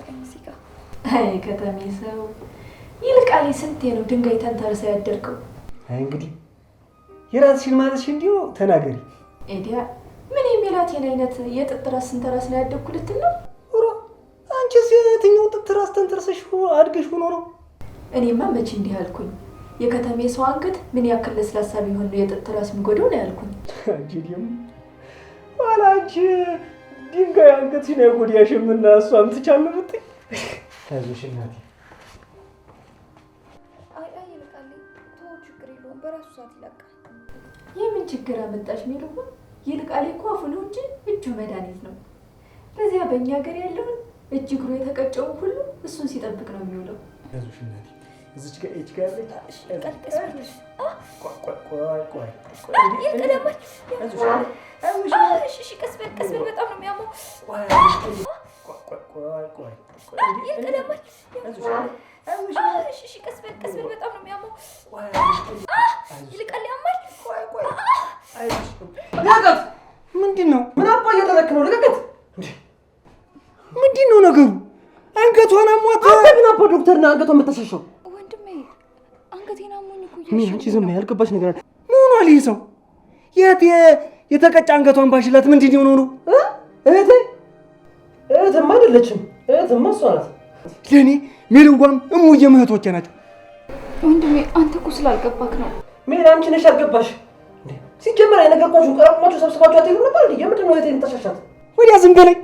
ያሳዘነኝ እዚህ ጋር። አይ ከተሜ ሰው ይልቃል ስንቴ ነው ድንጋይ ተንተርሰ ያደርገው። አይ እንግዲህ የራስሽን ማለትሽ እንዲሁ ተናገሪ። ኤዲያ ምን የሚላቴን አይነት የጥጥ ራስ ስንተራስ ነው ያደግኩ ልትል ነው? ሮ አንቺስ የትኛው ጥጥ ራስ ተንተርሰሽ አድገሽ ሆኖ ነው? እኔማ መቼ እንዲህ አልኩኝ። የከተሜ ሰው አንገት ምን ያክል ለስላሳ ቢሆን ነው የጥጥ ራስ የሚጎዳው ነው ያልኩኝ። ኋላ አንቺ ድንጋይ አንገትሽን ያጎዳሽም እና እሷ አምትቻለ ብትይ ታዞሽ እናቴ የምን ችግር አመጣሽ? ሚልሁ ይልቃል እኮ አፉሉ እንጂ እጁ መድኃኒት ነው። በዚያ በእኛ ሀገር ያለውን እጅ እግሩ የተቀጨው ሁሉ እሱን ሲጠብቅ ነው የሚውለው። እዚች ቀስ በል ቀስ ምንድን ነው? ነገሩ? አንገቷን አሟት። ምን አባ ዶክተር እና አንገቷን የምታሻሻው? ወንድሜ አንገቴን አሞኝ እኮ እያልሽ አንቺ ዝም ያልገባሽ ነገር አለ። ምን ይህ ሰው? የት የተቀጫ አንገቷን ባሽላት ምንድን የሆነ ነው? እህቴ እህትማ አይደለችም። እህትማ እሷ ናት። ለእኔ ሜልንጓም እሙዬ እህቶቼ ናቸው። ወንድሜ አንተ እኮ ስላልገባክ ነው። ሜል አንቺ ነሽ ያልገባሽ። ሲጀመር የነገር ቀራቁማችሁ ሰብስባችሁ አትሄዱ ነበር እንዴ? የምንድን ነው እህቴን የምታሻሻት? ወዲያ ዝም በለኝ።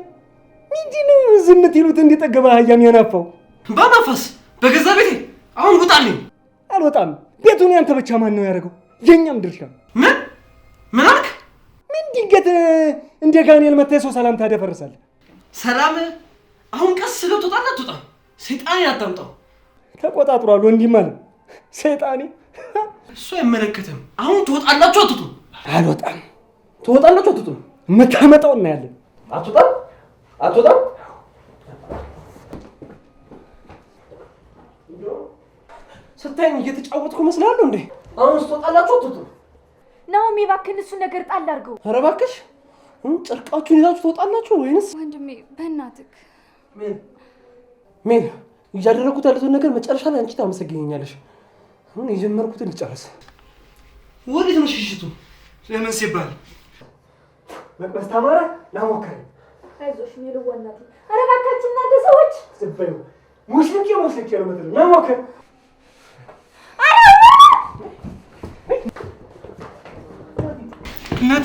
ምንድን ነው ዝም ትሉት? እንደጠገበ አህያ የሚያናፋው በመንፈስ በገዛ ቤቴ አሁን ውጣልኝ። አልወጣም። ቤቱን ያንተ ብቻ ማን ነው ያደረገው? የእኛም ድርሻ ምን እንደ ጋንኤል መታይ ሰው ሰላምታ ደፈርሳለህ። ሰላም አሁን ቀስ ስለው ትወጣና ትወጣ ሰይጣን አታምጣው። ተቆጣጥሯል ወንድም ማለ ሰይጣኔ። እሱ አይመለከትም። አሁን ትወጣላችሁ አትጡ። አልወጣም። ትወጣላችሁ አትጡ። የምታመጣው እናያለን። አትወጣም፣ አትወጣም ስታይም እየተጫወትኩ መስላለሁ እንዴ? አሁን ስትወጣላችሁ አትጡ። ናሆም እባክህን እሱን ነገር ጣል አድርገው። ኧረ እባክሽ ጨርቃችሁን ይዛችሁ ትወጣላችሁ ወይንስ? ወንድሜ በእናትክ ምን እያደረግኩት ያለትን ነገር መጨረሻ ላይ አንቺ ታመሰግኛለሽ። አሁን የጀመርኩትን ልጨርስ። ወዴት ነው ሽሽቱ? ለምን ሲባል መቅበስ ተማረ ላሞከረ አይዞሽ ሚሉ ወናት አረባካችን እባካችን እናንተ ሰዎች ዝበዩ ሙስልኪ ሙስልኪ ነው ምትሉ ላሞከረ እናቴ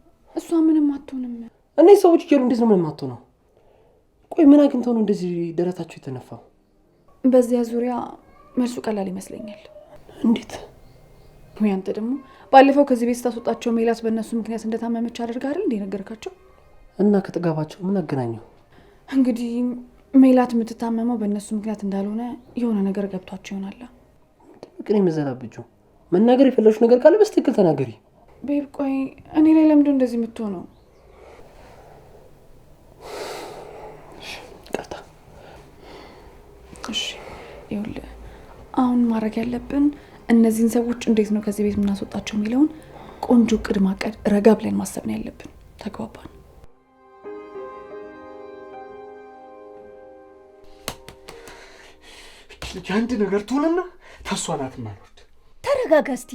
እሷ ምንም አትሆንም። እነዚህ ሰዎች እየሉ እንደዚህ ነው ምንም ነው። ቆይ ምን አግኝተው ነው እንደዚህ ደረታቸው የተነፋው? በዚያ ዙሪያ መልሱ ቀላል ይመስለኛል። እንዴት? ወይ አንተ ደግሞ ባለፈው ከዚህ ቤት ስታስወጣቸው ሜላት በእነሱ ምክንያት እንደታመመች አድርጋ አይደል እንደ ነገርካቸው? እና ከጥጋባቸው ምን አገናኘው? እንግዲህ ሜላት የምትታመመው በእነሱ ምክንያት እንዳልሆነ የሆነ ነገር ገብቷቸው ይሆናል። ግን የምዘራብጁ መናገር የፈለግሽው ነገር ካለ በስትክክል ተናገሪ። ቤብ ቆይ እኔ ላይ ለምዶ እንደዚህ የምትሆነው? ቀጣ እሺ፣ ይኸውልህ አሁን ማድረግ ያለብን እነዚህን ሰዎች እንዴት ነው ከዚህ ቤት የምናስወጣቸው የሚለውን ቆንጆ እቅድ ማቀድ፣ ረጋ ብለን ማሰብ ነው ያለብን። ተግባባን? የአንድ ነገር ትሆንና ተሷናት ማኖርድ ተረጋጋ እስቲ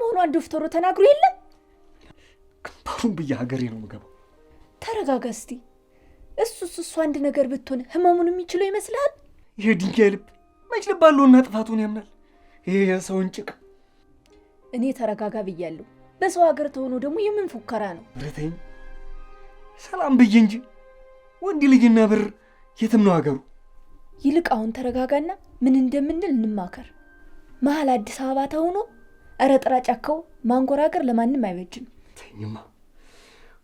መሆኗን ዶክተሩ ተናግሮ የለም። ግንባሩን ብዬ ሀገሬ ነው የምገባው። ተረጋጋ እስቲ። እሱስ እሱ አንድ ነገር ብትሆን ህመሙን የሚችለው ይመስልሃል? ይሄ ድንጋይ ልብ መች አለውና ጥፋቱን ያምናል። ይሄ የሰውን ጭቅ እኔ ተረጋጋ ብያለሁ። በሰው ሀገር ተሆኖ ደግሞ የምን ፉከራ ነው? ረተኝ ሰላም ብዬ እንጂ ወንድ ልጅና ብር የትም ነው ሀገሩ። ይልቅ አሁን ተረጋጋና ምን እንደምንል እንማከር። መሀል አዲስ አበባ ተሆኖ እረ ጥራ ጫካው ማንጎራገር ለማንም አይበጅም። ተኝማ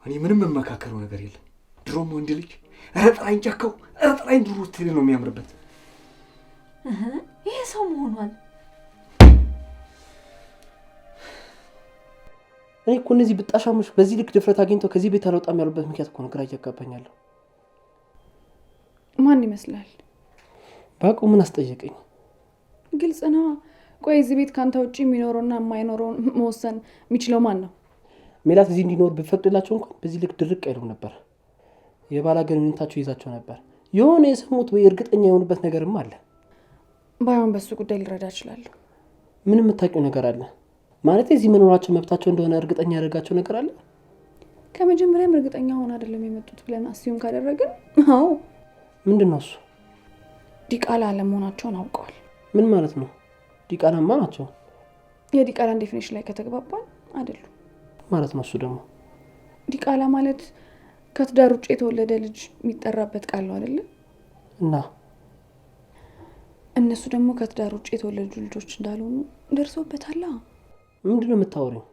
እኔ ምንም የመካከረው ነገር የለም። ድሮም ወንድ ልጅ እረ ጥራኝ ጫካው፣ እረ ጥራኝ ትል ነው የሚያምርበት። ይሄ ሰው መሆኗል። እኔ እኮ እነዚህ ብጣሻሞች በዚህ ልክ ድፍረት አግኝተው ከዚህ ቤት አልወጣም ያሉበት ምክንያት እኮ ነው ግራ እያጋባኛለሁ። ማን ይመስላል? በአቁ ምን አስጠየቀኝ? ግልጽ ነዋ። ቆይ እዚህ ቤት ከአንተ ውጭ የሚኖረውና የማይኖረውን መወሰን የሚችለው ማን ነው? ሜላት እዚህ እንዲኖር ብፈቅድላቸው እንኳን በዚህ ልክ ድርቅ አይሉም ነበር። የባላ ግንኙነታቸው ይዛቸው ነበር። የሆነ የሰሙት ወይ እርግጠኛ የሆኑበት ነገርም አለ። ባይሆን በሱ ጉዳይ ልረዳ እችላለሁ። ምን የምታውቂው ነገር አለ? ማለት እዚህ መኖራቸው መብታቸው እንደሆነ እርግጠኛ ያደርጋቸው ነገር አለ። ከመጀመሪያም እርግጠኛ ሆን አይደለም የመጡት ብለን አስዩም ካደረግን፣ አዎ ምንድን ነው እሱ ዲቃላ አለመሆናቸውን አውቀዋል። ምን ማለት ነው? ዲቃላማ ናቸው። የዲቃላን ዴፊኔሽን ላይ ከተግባባን አይደሉም ማለት ነው። እሱ ደግሞ ዲቃላ ማለት ከትዳር ውጭ የተወለደ ልጅ የሚጠራበት ቃል ነው አይደለም? እና እነሱ ደግሞ ከትዳር ውጭ የተወለዱ ልጆች እንዳልሆኑ ደርሰውበታላ። ምንድን ነው የምታወሪው?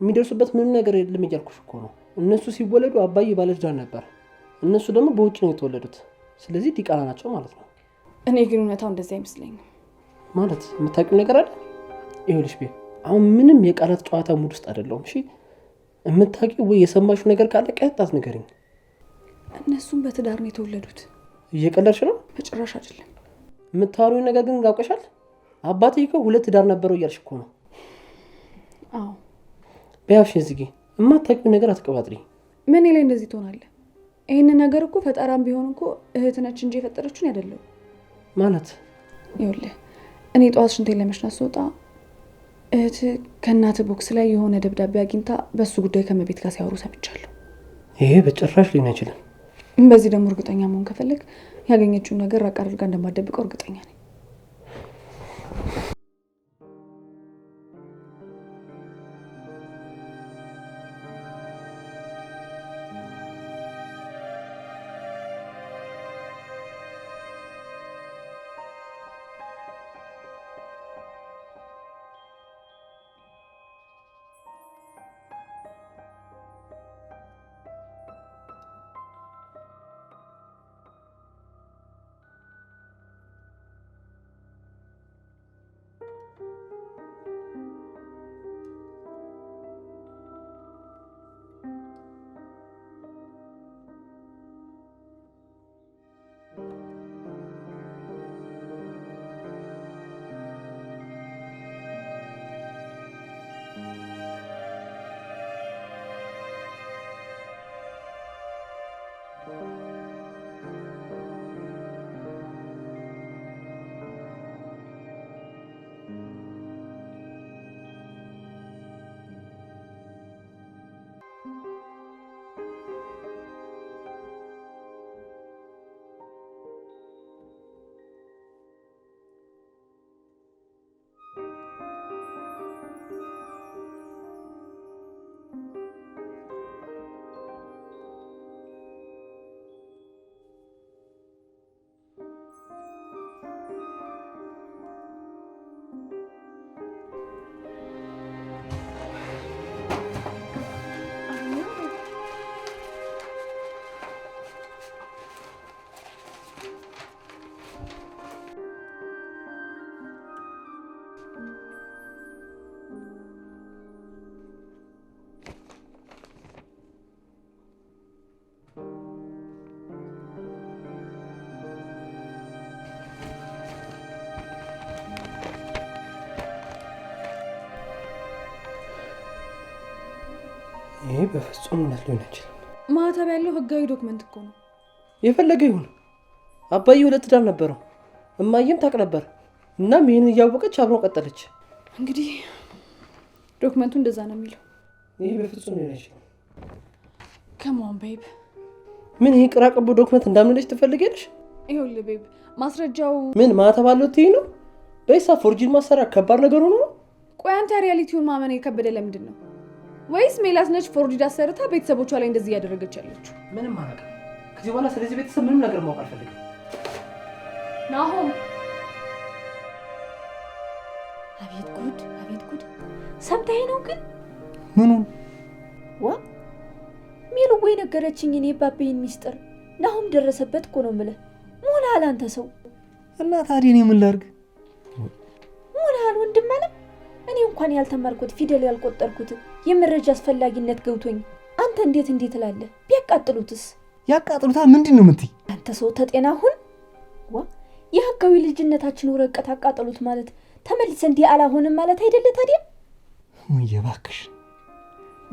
የሚደርሱበት ምንም ነገር የለም እያልኩሽ እኮ ነው። እነሱ ሲወለዱ አባዬ ባለትዳር ነበር። እነሱ ደግሞ በውጭ ነው የተወለዱት። ስለዚህ ዲቃላ ናቸው ማለት ነው። እኔ ግን እውነታው እንደዚህ አይመስለኝም። ማለት የምታውቂው ነገር አለ። ይኸውልሽ ቤ አሁን ምንም የቃላት ጨዋታ ሙድ ውስጥ አይደለሁም። እሺ የምታውቂው ወይ የሰማሽው ነገር ካለ ቀጣት ንገሪኝ። እነሱም በትዳር ነው የተወለዱት። እየቀለድሽ ነው? በጭራሽ አይደለም። የምታወሪው ነገር ግን ጋውቀሻል። አባትህ እኮ ሁለት ትዳር ነበረው እያልሽ እኮ ነው። አዎ ቢያሽ ዝጊ። የማታውቂው ነገር አትቀባጥሪ። ምን ላይ እንደዚህ ትሆናለ ይህንን ነገር እኮ ፈጠራም ቢሆን እኮ እህትነች እንጂ የፈጠረችን አይደለም ማለት ይኸውልህ እኔ ጠዋት ሽንቴን ለመሽናት ስወጣ እህት ከእናት ቦክስ ላይ የሆነ ደብዳቤ አግኝታ በእሱ ጉዳይ ከመቤት ጋር ሲያወሩ ሰምቻለሁ። ይሄ በጭራሽ ሊሆን አይችልም። በዚህ ደግሞ እርግጠኛ መሆን ከፈለግ ያገኘችውን ነገር ራቅ አድርጋ እንደማደብቀው እርግጠኛ ነኝ። ይሄ በፍጹም እውነት ሊሆን አይችልም። ማህተብ ያለው ህጋዊ ዶክመንት እኮ ነው። የፈለገ ይሁን አባዬ ሁለት ዳር ነበረው፣ እማዬም ታቅ ነበር። እናም ይህን እያወቀች አብረው ቀጠለች። እንግዲህ ዶክመንቱ እንደዛ ነው የሚለው። ይሄ በፍጹም ሊሆን አይችልም። ከማን ቤብ፣ ምን ይህ ቅራቅቦ ዶክመንት እንዳምንለች ትፈልጊያለሽ? ይኸውልህ ቤብ፣ ማስረጃው ምን ማህተብ አለው ትይ ነው። በይሳ ፎርጂን ማሰራ ከባድ ነገር ሆኖ ነው። ቆይ አንተ ሪያሊቲውን ማመን የከበደ ለምንድን ነው? ወይስ ሜላት ነች ፎርጂዳ ሰርታ ቤተሰቦቿ ላይ እንደዚህ እያደረገች ያለችው? ምንም አላውቅም። ከዚህ በኋላ ስለዚህ ቤተሰብ ምንም ነገር ማወቅ አልፈልግም። ናሆም፣ አቤት ጉድ፣ አቤት ጉድ! ሰምተህ ነው ግን? ምኑን? ዋ ወይ ነገረችኝ። እኔ ባቤን ሚስጥር ናሆም ደረሰበት እኮ ነው የምልህ። ሞላ አላንተ ሰው። እና ታዲያ እኔ ምን ላድርግ? ሞላሃል ወንድም አለ እኔ እንኳን ያልተማርኩት ፊደል ያልቆጠርኩት የመረጃ አስፈላጊነት ገብቶኝ አንተ እንዴት እንዴት እላለህ። ቢያቃጥሉትስ? ያቃጥሉታ ምንድን ነው የምትይ? አንተ ሰው ተጤና ሁን ዋ የህጋዊ ልጅነታችን ወረቀት አቃጠሉት ማለት ተመልሰን ዲአላ ሆንን ማለት አይደለ ታዲያ? እባክሽ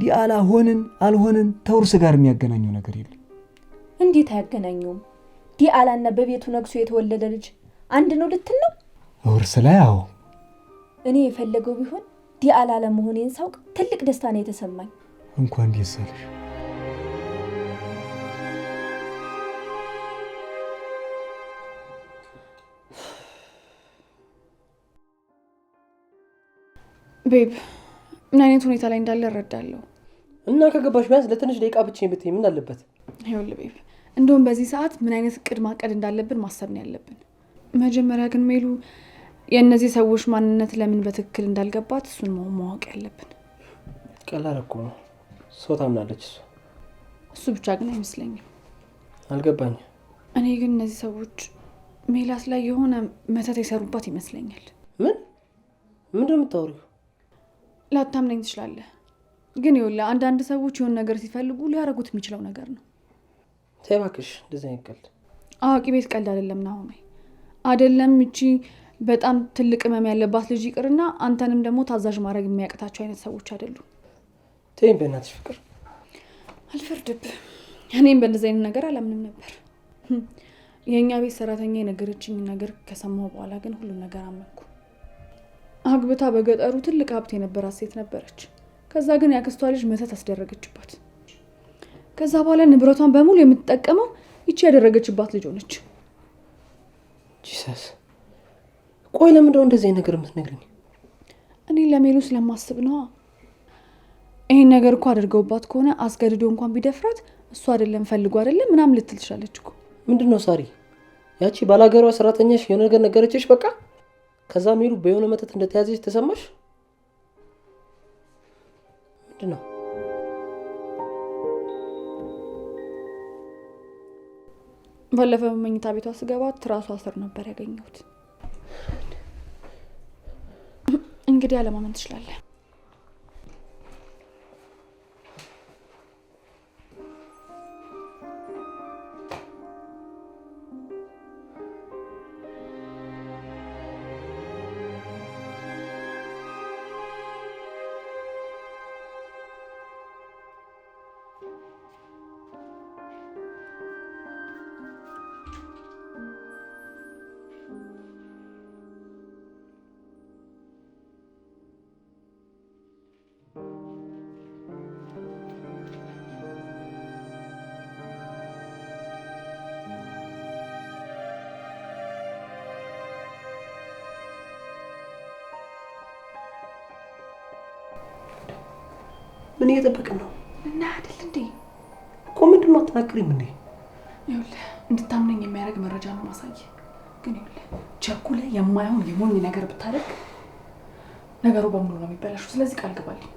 ዲያላ ሆንን አልሆንን ተውርስ ጋር የሚያገናኘው ነገር የለም። እንዴት አያገናኘውም? ዲአላና በቤቱ ነግሶ የተወለደ ልጅ አንድ ነው ልትል ነው? ውርስ ላይ አዎ እኔ የፈለገው ቢሆን ዲአል መሆኔን ሳውቅ ትልቅ ደስታ ነው የተሰማኝ። እንኳን ደስ አለሽ። ቤብ ምን አይነት ሁኔታ ላይ እንዳለ እረዳለሁ። እና ከገባሽ ቢያንስ ለትንሽ ደቂቃ ብቻ ብትይ ምን አለበት? ይኸውልህ ቤብ፣ እንደውም በዚህ ሰዓት ምን አይነት እቅድ ማቀድ እንዳለብን ማሰብ ነው ያለብን። መጀመሪያ ግን ሜሉ የእነዚህ ሰዎች ማንነት ለምን በትክክል እንዳልገባት እሱን ማወቅ ያለብን። ቀላል እኮ ነው። ሰው ታምናለች እሱ እሱ ብቻ ግን አይመስለኝም። አልገባኝ። እኔ ግን እነዚህ ሰዎች ሜላት ላይ የሆነ መተት የሰሩባት ይመስለኛል። ምን ምንድን የምታወሪው? ላታምነኝ ትችላለህ፣ ግን ይኸውልህ አንዳንድ ሰዎች የሆነ ነገር ሲፈልጉ ሊያደርጉት የሚችለው ነገር ነው። ተይ እባክሽ፣ እንደዚህ አይነት ቀልድ አዋቂ ቤት ቀልድ አይደለም ናሆሜ፣ አይደለም እቺ በጣም ትልቅ ህመም ያለባት ልጅ ይቅርና አንተንም ደግሞ ታዛዥ ማድረግ የሚያቅታቸው አይነት ሰዎች አይደሉም። ተይኝ በእናትሽ ፍቅር፣ አልፈርድብህ። እኔም በእንደዚህ አይነት ነገር አላምንም ነበር። የእኛ ቤት ሰራተኛ የነገረችኝ ነገር ከሰማሁ በኋላ ግን ሁሉም ነገር አመንኩ። አግብታ በገጠሩ ትልቅ ሀብት የነበራት ሴት ነበረች። ከዛ ግን ያክስቷ ልጅ መተት አስደረገችባት። ከዛ በኋላ ንብረቷን በሙሉ የምትጠቀመው ይቺ ያደረገችባት ልጅ ሆነች። ጂሰስ ቆይ ለምንድነው እንደዚህ ነገር የምትነግርኝ? እኔ ለሜሉ ስለማስብ ነዋ። ይህን ነገር እኮ አድርገውባት ከሆነ አስገድዶ እንኳን ቢደፍራት እሱ አይደለም ፈልጎ አይደለም ምናምን ልትል ትችላለች እኮ። ምንድን ነው ሳሪ፣ ያቺ ባላገሯ ሰራተኛሽ የሆነ ነገር ነገረችሽ? በቃ ከዛ ሜሉ በየሆነ መተት እንደተያዘች ተሰማሽ? ምንድን ነው ባለፈው መኝታ ቤቷ ስገባ ትራሷ ስር ነበር ያገኘሁት። እንግዲህ አለማመን ትችላለህ። ምን እየጠበቅን ነው? እና አይደል እንዴ? እኮ ምንድን ነው አትናገሪም እንዴ? ይኸውልህ እንድታምነኝ የሚያደርግ መረጃ ነው ማሳየ። ግን ይኸውልህ ቸኩለህ የማይሆን የሞኝ ነገር ብታደርግ ነገሩ በሙሉ ነው የሚበላሹ። ስለዚህ ቃል ግባልኝ።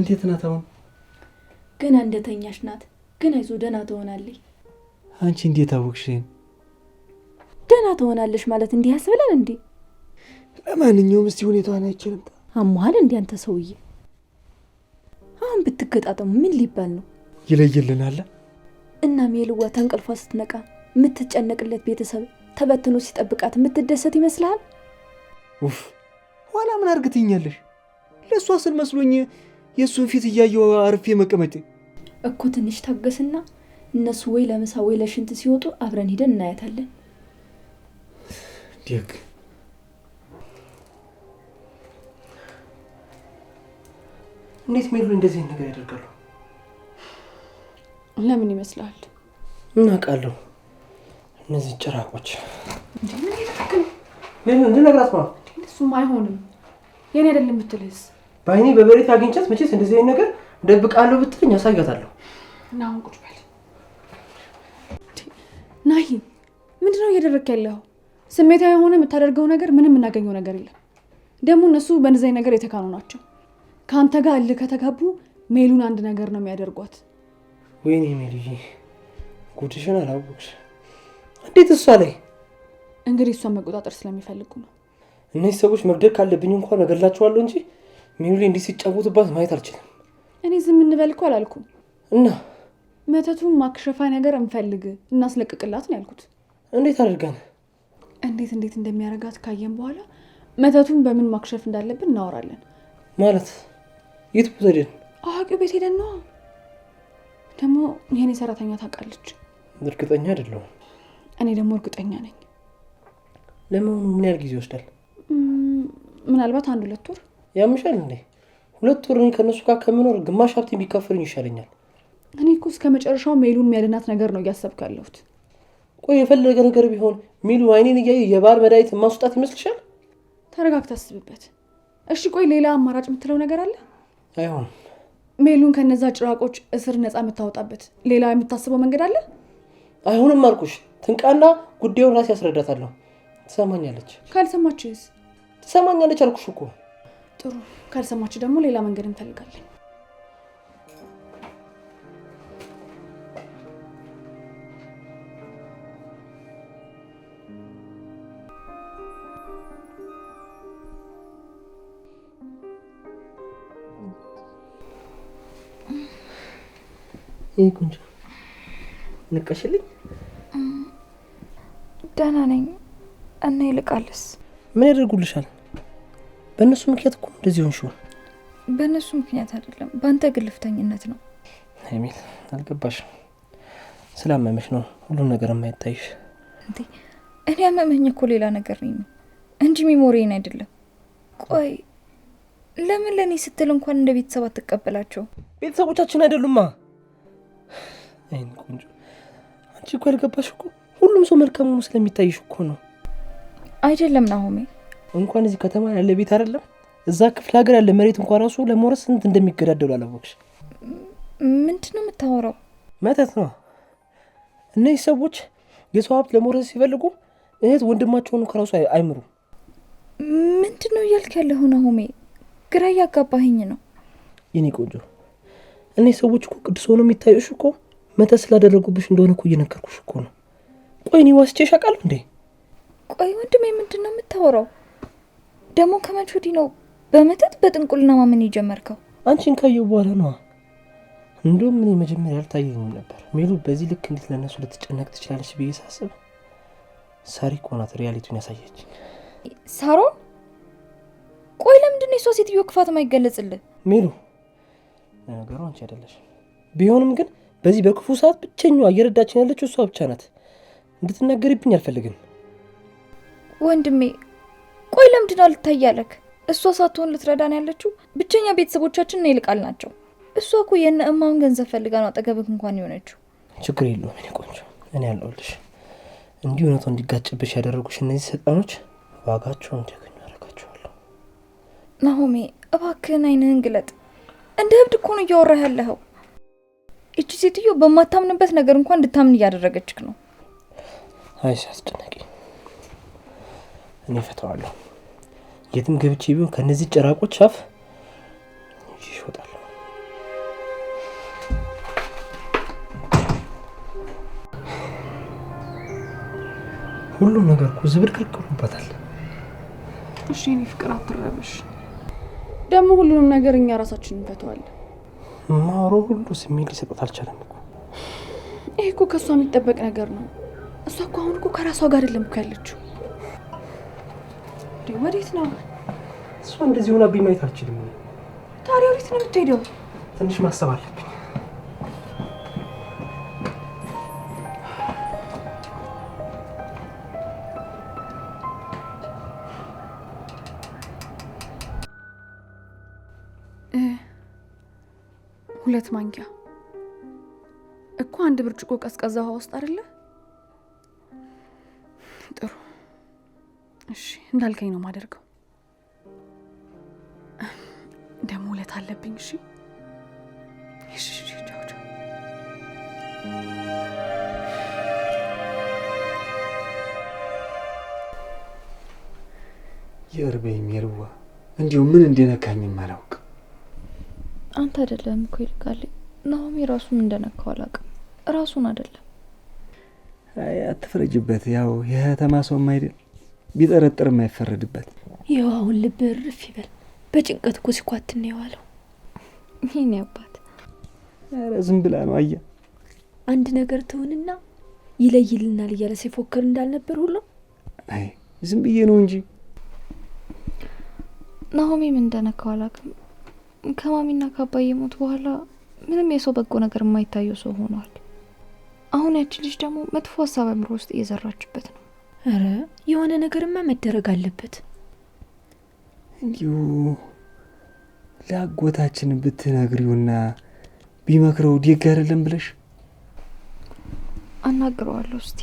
እንዴት ናት አሁን? ገና እንደተኛሽ ናት። ግን አይዞ ደህና ትሆናለች። አንቺ እንዴት አወቅሽን? ደህና ትሆናለች ማለት እንዲህ ያስብላል እንዴ? ለማንኛውም እስቲ ሁኔታዋን አይችልም። አሟሃል እንዲ አንተ ሰውዬ፣ አሁን ብትገጣጠሙ ምን ሊባል ነው? ይለይልናል። እናም የልዋ ተንቀልፏ ስትነቃ የምትጨነቅለት ቤተሰብ ተበትኖ ሲጠብቃት የምትደሰት ይመስልሃል? ውፍ ኋላ ምን አርግትኛለሽ? ለእሷ ስል መስሎኝ የእሱን ፊት እያየው አርፌ መቀመጥ እኮ ትንሽ ታገስና እነሱ ወይ ለምሳ ወይ ለሽንት ሲወጡ አብረን ሂደን እናያታለን። ደግ እንዴት ሜሉ እንደዚህ ነገር ያደርጋሉ? ለምን ይመስላል? እናውቃለሁ። እነዚህ ጭራቆች ሜሉ እንድነግራት ነው። እሱም አይሆንም። የኔ አይደለም ብትልስ በአይኔ በበሬት አግኝቻት መቼስ እንደዚህ አይነት ነገር ደብቃለሁ ብትለኝ ያሳያታለሁ። እና አሁን ቁጭ በል ናይ። ምንድን ነው እያደረግክ ያለው? ስሜታዊ የሆነ የምታደርገው ነገር ምንም የምናገኘው ነገር የለም። ደግሞ እነሱ በእንደዚህ ነገር የተካኑ ናቸው። ከአንተ ጋር እልህ ከተጋቡ ሜሉን አንድ ነገር ነው የሚያደርጓት። ወይኔ ሜሉዬ ጉድሽን አላወቅሽ። እንዴት እሷ ላይ እንግዲህ እሷን መቆጣጠር ስለሚፈልጉ ነው። እነዚህ ሰዎች መግደል ካለብኝ እንኳን እገላችኋለሁ እንጂ ሚኑሌ እንዲህ ሲጫወቱባት ማየት አልችልም። እኔ ዝም እንበል እኮ አላልኩም። እና መተቱን ማክሸፋ ነገር እንፈልግ እናስለቅቅላት ነው ያልኩት። እንዴት አድርገን እንዴት እንዴት እንደሚያደርጋት ካየን በኋላ መተቱን በምን ማክሸፍ እንዳለብን እናወራለን። ማለት የት ቦታ ሄደን? አዋቂው ቤት ሄደን ነው። ደግሞ ይህኔ ሰራተኛ ታውቃለች። እርግጠኛ አይደለሁም። እኔ ደግሞ እርግጠኛ ነኝ። ለመሆኑ ምን ያህል ጊዜ ይወስዳል? ምናልባት አንድ ሁለት ወር ያምሻል እንዴ? ሁለት ወር እኔ ከእነሱ ጋር ከምኖር ግማሽ ሀብት የሚካፈሉኝ ይሻለኛል። እኔ እኮ እስከ መጨረሻው ሜሉን የሚያድናት ነገር ነው እያሰብኩ ያለሁት። ቆይ የፈለገ ነገር ቢሆን ሚሉ አይኔን እያየ የባህል መድኃኒት ማስወጣት ይመስልሻል? ተረጋግታ አስብበት። እሺ ቆይ ሌላ አማራጭ የምትለው ነገር አለ? አይሆን ሜሉን ከነዛ ጭራቆች እስር ነፃ የምታወጣበት ሌላ የምታስበው መንገድ አለ? አይሆንም አልኩሽ። ትንቃና ጉዳዩን ራሴ ያስረዳታለሁ። ትሰማኛለች። ካልሰማችስ? ትሰማኛለች አልኩሽ እኮ ጥሩ ካልሰማችሁ ደግሞ ሌላ መንገድ እንፈልጋለን። ይህ ቁንጆ ንቀሽልኝ? ደህና ነኝ እና ይልቃልስ ምን ያደርጉልሻል? በእነሱ ምክንያት እኮ እንደዚህ ሆንሽ። በእነሱ ምክንያት አይደለም፣ በአንተ ግልፍተኝነት ነው። ሄሚል አልገባሽም። ስላመመሽ ነው ሁሉም ነገር የማይታይሽ። እንዴ እኔ አመመኝ እኮ ሌላ ነገር ነኝ እንጂ ሚሞሪን አይደለም። ቆይ ለምን ለእኔ ስትል እንኳን እንደ ቤተሰብ አትቀበላቸው? ቤተሰቦቻችን አይደሉማ። ይህን ቆንጆ አንቺ እኮ ያልገባሽ እኮ ሁሉም ሰው ሆኖ ስለሚታይሽ እኮ ነው። አይደለም ናሆሜ እንኳን እዚህ ከተማ ያለ ቤት አይደለም እዛ ክፍለ ሀገር ያለ መሬት እንኳን ራሱ ለመውረስ ስንት እንደሚገዳደሉ አላወቅሽ። ምንድን ነው የምታወራው? መተት ነው። እነዚህ ሰዎች የሰው ሀብት ለመውረስ ሲፈልጉ እህት ወንድማቸውን ከራሱ አይምሩ። ምንድን ነው እያልክ ያለሁ ናሆሜ? ግራ እያጋባህኝ ነው። የኔ ቆንጆ እነዚህ ሰዎች እኮ ቅዱስ ሆነው የሚታዩሽ እኮ መተት ስላደረጉብሽ እንደሆነ እኮ እየነገርኩሽ እኮ ነው። ቆይ እኔ ዋስቼ ሻቃሉ እንዴ? ቆይ ወንድሜ ምንድን ነው የምታወራው? ደግሞ ከመቼ ወዲህ ነው በመተት በጥንቁልና ማመን የጀመርከው? አንቺን ካየው በኋላ ነዋ። እንደውም እኔ መጀመሪያ አልታየኝም ነበር። ሜሉ በዚህ ልክ እንዴት ለእነሱ ልትጨነቅ ትችላለች ብዬ ሳስብ ሳሪ እኮ ሪያሊቲውን ያሳየች። ሳሮን ቆይ ለምንድን ነው የሷ ሴትዮ ክፋት ማይገለጽልህ? ሜሉ ለነገሩ አንቺ አይደለሽ። ቢሆንም ግን በዚህ በክፉ ሰዓት ብቸኛዋ እየረዳችን ያለችው እሷ ብቻ ናት። እንድትናገርብኝ አልፈልግም ወንድሜ ቆይ ለምንድን ነው እሷ ሳትሆን ልትረዳን ያለችው ብቸኛ ቤተሰቦቻችን ነው ይልቃል ናቸው። እሷ እኮ የነ እማውን ገንዘብ ፈልጋ ነው አጠገብክ እንኳን የሆነችው። ችግር የለውም እኔ ቆንጆ፣ እኔ ያለሁልሽ። እንዲህ እውነቱ እንዲጋጭብሽ ያደረጉሽ እነዚህ ሰይጣኖች ዋጋቸው እንዲያገኙ ያደርጋቸዋለሁ። ናሆሜ እባክህን አይንህን ግለጥ። እንደ እብድ እኮ ነው እያወራህ ያለኸው። እቺ ሴትዮ በማታምንበት ነገር እንኳን እንድታምን እያደረገችክ ነው። አይ ሲያስጨነቂ እኔ ፈተዋለሁ። የትም ገብቼ ቢሆን ከእነዚህ ጭራቆች አፍ ይወጣል። ሁሉም ነገር እኮ ዝብርቅርቅ ብሎበታል። እሺ የእኔ ፍቅር አትረብሽ። ደግሞ ሁሉንም ነገር እኛ ራሳችን እንፈተዋለን። ማሮ ሁሉ ስሜት ሊሰጣት አልቻለም እኮ። ይሄ እኮ ከእሷ የሚጠበቅ ነገር ነው። እሷ እኮ አሁን እኮ ከራሷ ጋር አይደለም እኮ ያለችው ውዴ፣ ወዴት ነው? እሷ እንደዚህ ሆናብኝ ማየት አልችልም። ታዲያ ወዴት ነው የምትሄደው? ትንሽ ማሰብ አለብኝ። ሁለት ማንኪያ እኮ አንድ ብርጭቆ ቀዝቀዛ ውሃ ውስጥ አይደለ? ጥሩ እሺ እንዳልከኝ ነው ማደርገው። ደግሞ ውለታ አለብኝ። እሺ የእርበኝ የርዋ እንዲሁ ምን እንደነካኝ ማላውቅ አንተ አይደለም እኮ ይልቃል። ናሆሚ ራሱን እንደነካው አላውቅም። ራሱን አይደለም አትፍረጅበት። ያው የከተማ ሰውም አይደል ቢጠረጥር የማይፈረድበት ይኸው አሁን ልብ እርፍ ይበል። በጭንቀት እኮ ሲኳትን የዋለው። ይህን ያባት ኧረ ዝም ብላ ነው አያ አንድ ነገር ትሆንና ይለይልናል እያለ ሲፎክር እንዳልነበር ሁሉ አይ ዝም ብዬ ነው እንጂ ናሆሜ ምን እንደነካው አላውቅም። ከማሚና ከአባዬ ሞት በኋላ ምንም የሰው በጎ ነገር የማይታየው ሰው ሆኗል። አሁን ያቺ ልጅ ደግሞ መጥፎ ሀሳብ አእምሮ ውስጥ እየዘራችበት ነው። እረ የሆነ ነገርማ መደረግ አለበት። እንዲሁ ለአጎታችን ብትነግሪውና ቢመክረው ዴግ አይደለም ብለሽ አናግረዋለሁ። እስቲ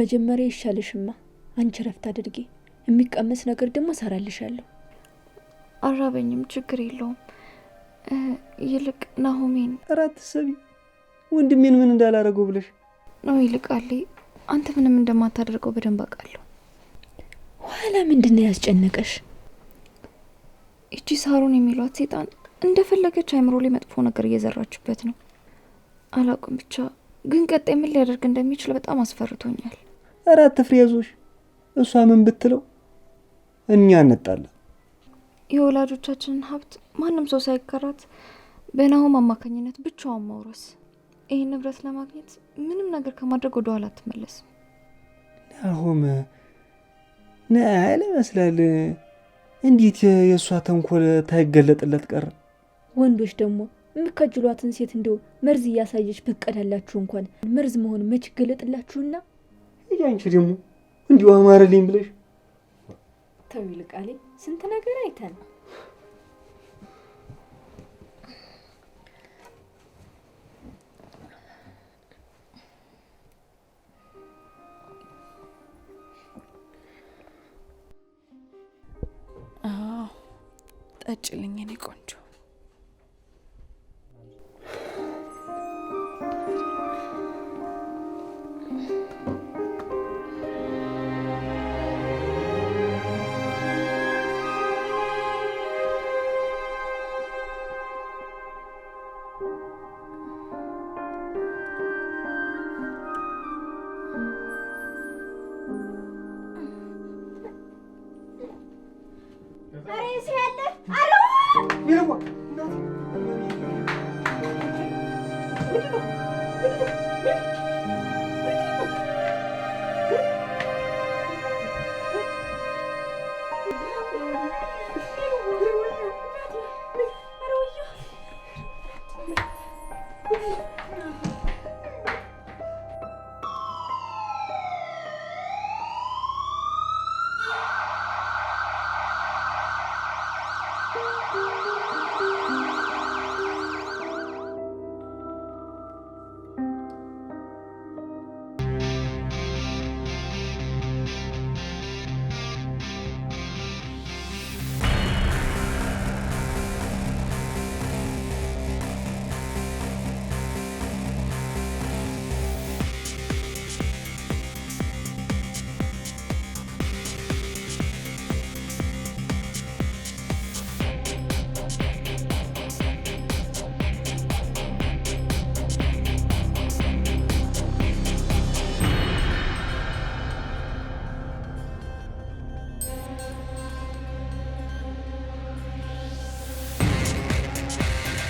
መጀመሪያ ይሻልሽማ፣ አንቺ ረፍት አድርጊ። የሚቀመስ ነገር ደግሞ ሰራልሻለሁ። አራበኝም፣ ችግር የለውም። ይልቅ ናሆሜን ራት ሰቢ ወንድሜን ምን እንዳላረገው ብለሽ ነው ይልቃል አንተ ምንም እንደማታደርገው በደንብ አውቃለሁ። ኋላ ምንድን ነው ያስጨነቀሽ? እቺ ሳሮን የሚሏት ሴጣን እንደፈለገች አይምሮ ላይ መጥፎ ነገር እየዘራችበት ነው። አላውቅም ብቻ ግን ቀጣይ ምን ሊያደርግ እንደሚችል በጣም አስፈርቶኛል። አራት ፍሬዞች እሷ ምን ብትለው እኛ እንጣለን። የወላጆቻችንን ሀብት ማንም ሰው ሳይከራት በናሆም አማካኝነት ብቻዋን ማውረስ ይህን ንብረት ለማግኘት ምንም ነገር ከማድረግ ወደ ኋላ አትመለስም። ናሆም ናያል ይመስላል። እንዴት የእሷ ተንኮል ታይገለጥለት ቀረ? ወንዶች ደግሞ የምከጅሏትን ሴት እንዲሁ መርዝ እያሳየች ብቀዳላችሁ እንኳን መርዝ መሆን መች ገለጥላችሁና። አንቺ ደግሞ እንዲሁ አማረልኝ ብለሽ ተው ይልቃሌ፣ ስንት ነገር አይተን ቀጭልኝ የኔ ቆንጆ